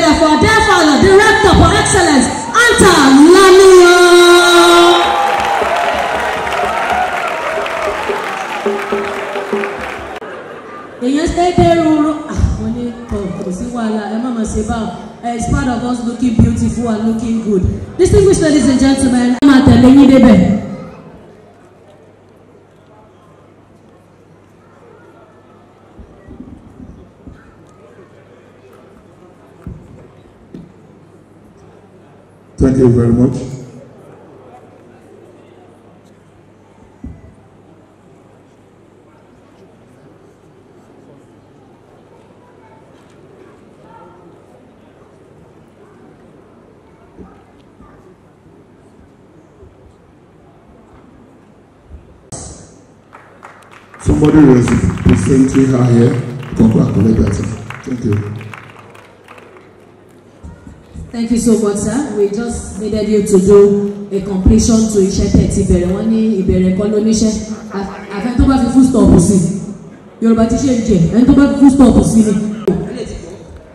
together for their father, director for excellence, Anta Lamiyo. èyàn ṣẹ́ẹ́dẹ́ rúurú àwọn ah, ní kò sí wàhálà ẹ má má ṣe báwọn it's part of us looking beautiful and looking good distinguished ladies and gentlemen. ẹ máa tẹ̀lé yín débẹ̀. you very much. Somebody was presenting her here. Congratulations. Thank you. Thank you so much, sir. We just needed you to do a completion to iṣẹ́ tẹ̀ ti bẹ̀rẹ̀ wọ́n ní ìbẹ̀rẹ̀ kọ́ ló níṣẹ́. Àfẹ́ tó bá fi full stop sí i. Yorùbá ti ṣe ń jẹ, ẹni tó bá fi full stop sí i.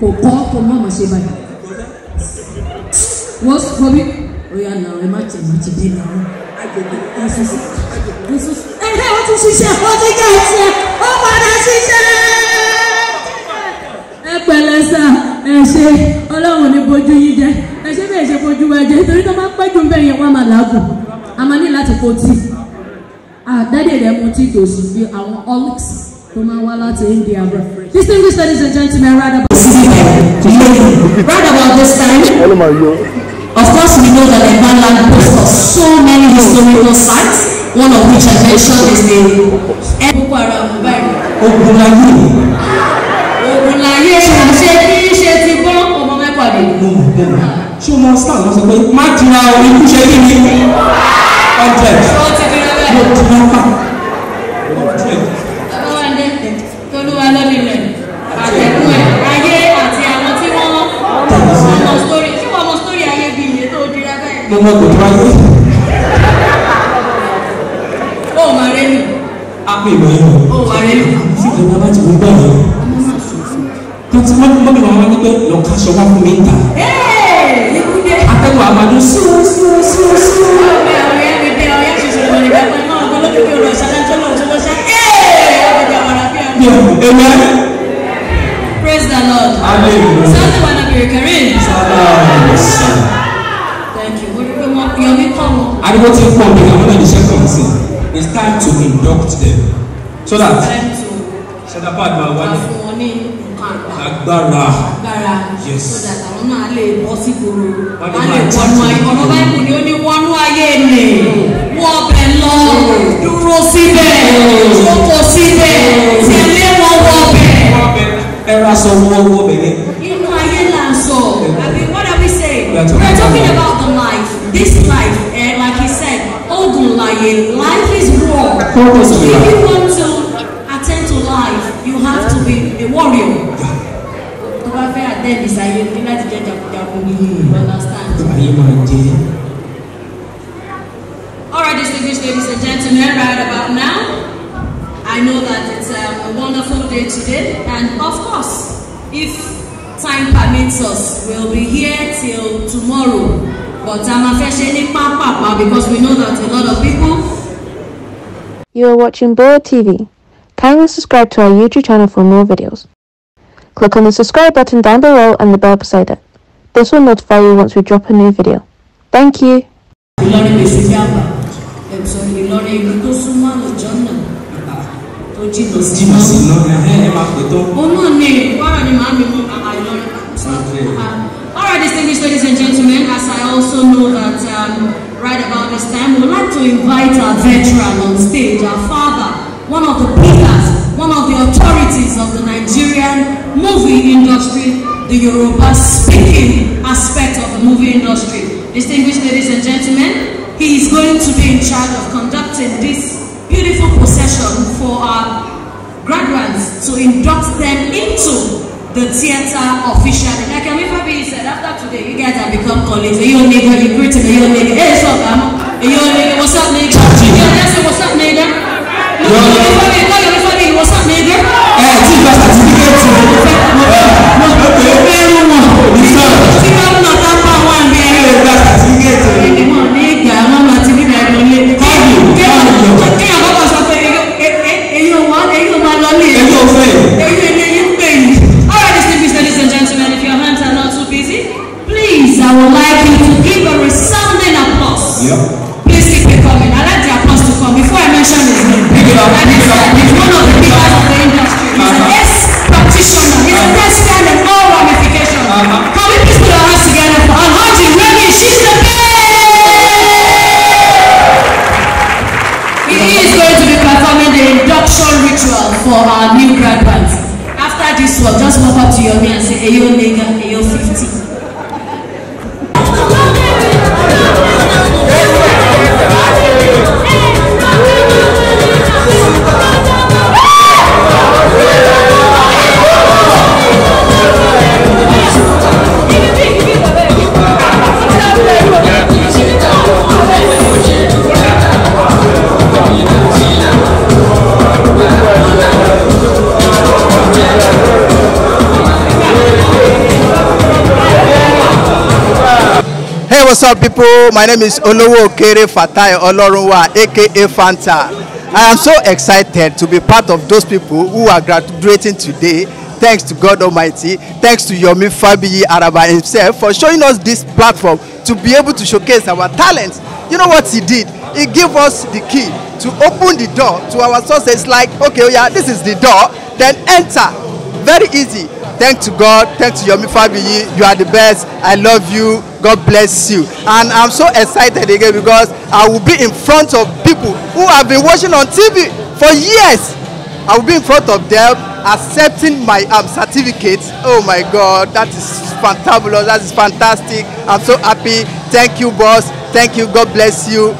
Kò kọ́ kó má mà ṣe báyìí. Wọ́n sọ fún mi. Ó yà nà ẹ má tẹ̀ má ti dé nà ọ́. Ẹ̀hẹ́ o ti ṣiṣẹ́, o ti jẹ́ ẹ̀ṣẹ́, o padà ṣiṣẹ́. Ẹ pẹ̀lẹ́ sá, ẹ ṣe ọlọ́run ní bojú yín jẹ́ ẹ ṣe bẹ́ẹ̀ ṣe bojú wa jẹ́ torí tó bá pẹ́ jù bẹ́ẹ̀ yẹn wọ́n máa làágùn a máa ní láti po tíì àdádé rẹ̀ mu tíì tó sì fi àwọn olics tó máa wá láti India bro distinguished ladies and gentlemen round about this time Rather about this time of course we know that Ibadan boasts of so many historical sites one of which I mentioned is the Boko Haram Ogunlaye. ṣé o mọ star lọ sọ pé má jìnnà ikú ṣe kí ni hundred mo jìnnà pa. Babawande Tolúwa lórí rẹ̀ àtẹ̀kù ẹ̀ ayé àti àwọn tí wọ́n mọ̀ sórí tí wọ́n mọ̀ sórí ayé bí iye tó dira bẹ́ẹ̀. Mo mọ kò tó ayé. Ó mà rẹ̀ nù. A pè mọ́ yẹn. Ó mà rẹ̀ nù. Sì kí n bá ti gbọ́ yẹn. Kí n ti mọ́ mi mọ́ mi wá wá ní pé lọ́ka aṣọ wá fún mi ń ta àgbàdo síwò síwò síwò síwò. ọ̀gbìn àwọn ẹni bí ọ̀yá ṣiṣẹ́ lórí ìgbàgbọ́ iná ọ̀gbọ́n lókè tó lọ́wọ́ tó lọ́ ṣá. Amen. Praise the Lord. Hallelujah. Sọ́ọ́sì wà nàbí Thank you. ti pọ̀ bí àwọn náà níṣẹ́ kàn sí. It's time to induct them so that. Ṣé dábàá àgbà wá ní. Àfọwọ́n ní agbára agbára so that àwọn náà lè bọ́ sí gbòòrò wọn lè wọnú ayé ọ̀nà báyìí ni ó ní wọnú ayé mi wọ́n bẹ̀ lọ dúró síbẹ̀ jókòó síbẹ̀ tẹ̀lé wọn wọ bẹ̀. ẹ ra sọ wọ́n wọ́ bẹ̀ yẹn. inú ayé là ń sọ àbí what are we saying we are talking about the life this life eh, like he said ogun laye life is war if you want to attend to life you have to be a warrior. then understand. alright distinguished ladies and gentlemen right about now I know that it's um, a wonderful day today and of course if time permits us we'll be here till tomorrow but I'm a fẹ́ ṣe uh, because we know that a lot of people. You are watching Bola TV. Kindly subscribe to our YouTube channel for more videos. Click on the subscribe button down below and the bell beside it. This will notify you once we drop a new video. Thank you. Alright, distinguished ladies and gentlemen, as I also know that um, right about this time, we would like to invite our veteran on stage, our father, one of the pillars one of the authorities of the Nigerian movie industry, the Yoruba speaking aspect of the movie industry. Distinguished ladies and gentlemen, he is going to be in charge of conducting this beautiful procession for our graduates to induct them into the theater officially. Like I'm Amifa be said, after today, you guys have become colleagues. You yo, nigga, you greeting me, yo, nigga. Hey, what's up, Amo? Hey, yo, nigga, what's up, nigga? Yo, that's it, what's up, nigga? Look, Amifa B, Gracias. Leon nigga. Leon 50. what's up people? My name is Olowo Okere Fatai Olorunwa aka Fanta. I am so excited to be part of those people who are graduating today. Thanks to God Almighty. Thanks to Yomi Fabiyi Araba himself for showing us this platform to be able to showcase our talents. You know what he did? He gave us the key to open the door to our sources like, okay, oh yeah, this is the door, then enter. Very easy thank to God thank to Yomi Fabiyi you are the best I love you God bless you and I'm so excited again because I will be in front of people who have been watching on TV for years I will be in front of them accepting my um, certificate oh my God that is fantabulous that is fantastic I'm so happy thank you boss thank you God bless you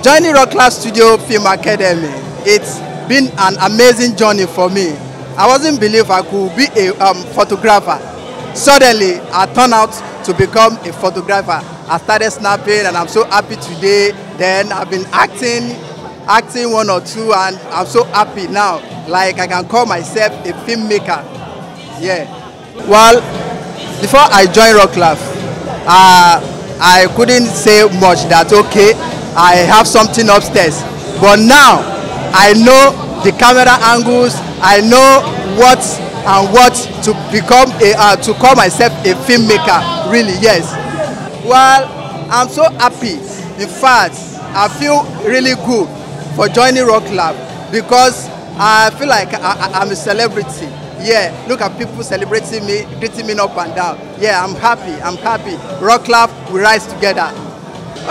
joining Rock Class Studio Film Academy it's been an amazing journey for me I wasn't believe I could be a um, photographer. Suddenly, I turned out to become a photographer. I started snapping and I'm so happy today. Then I've been acting, acting one or two and I'm so happy now. Like I can call myself a filmmaker. Yeah. Well, before I joined Rock Life, uh, I couldn't say much that okay, I have something upstairs. But now I know the camera angles, I know what and what to become a uh, to call myself a filmmaker really yes. Well, I'm so happy. In fact, I feel really good for joining Rock Lab because I feel like I, I, I'm a celebrity. Yeah, look at people celebrating me, greeting me up and down. Yeah, I'm happy. I'm happy. Rock Lab, we rise together.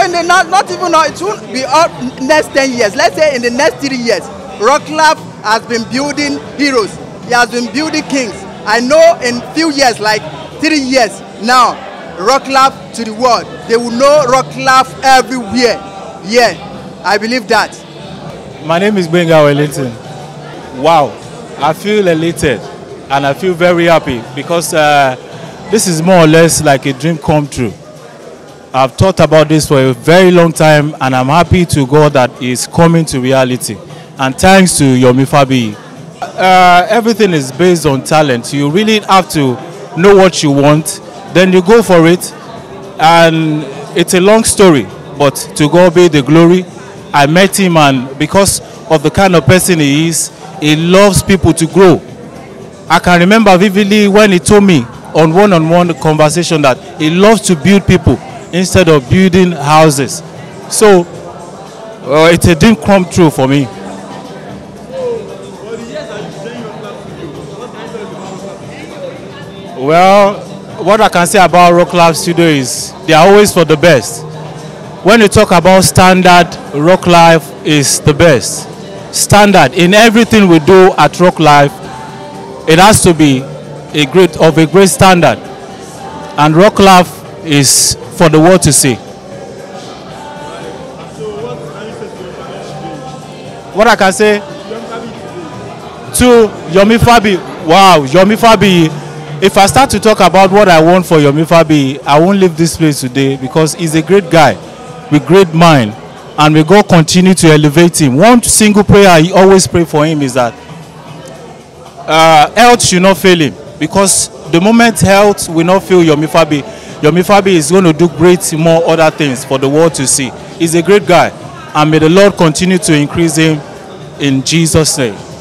In the not, not even it won't be up next 10 years. Let's say in the next three years, Rock Lab has been building heroes. He has been building kings. I know in few years, like three years now, Rock love to the world. They will know Rock love everywhere. Yeah, I believe that. My name is Benga Wellington. Wow, I feel elated and I feel very happy because uh, this is more or less like a dream come true. I've thought about this for a very long time and I'm happy to God that it's coming to reality and thanks to Yomi Fabi. Uh, everything is based on talent. You really have to know what you want, then you go for it. And it's a long story, but to God be the glory. I met him, and because of the kind of person he is, he loves people to grow. I can remember vividly when he told me on one on one conversation that he loves to build people instead of building houses. So uh, it's a dream come true for me. Well, what I can say about Rock Lab Studio is they are always for the best. When you talk about standard, Rock Life is the best. Standard in everything we do at Rock Life, it has to be a great of a great standard. And Rock Life is for the world to see. What I can say to Yomi Fabi, wow, Yomi Fabi If I start to talk about what I want for Yomifabi, I I won't leave this place today because he's a great guy with great mind and we go continue to elevate him. One single prayer I always pray for him is that uh, health should not fail him because the moment health will not fail Yomifabi, Yomifabi is going to do great more other things for the world to see. He's a great guy and may the Lord continue to increase him in Jesus' name.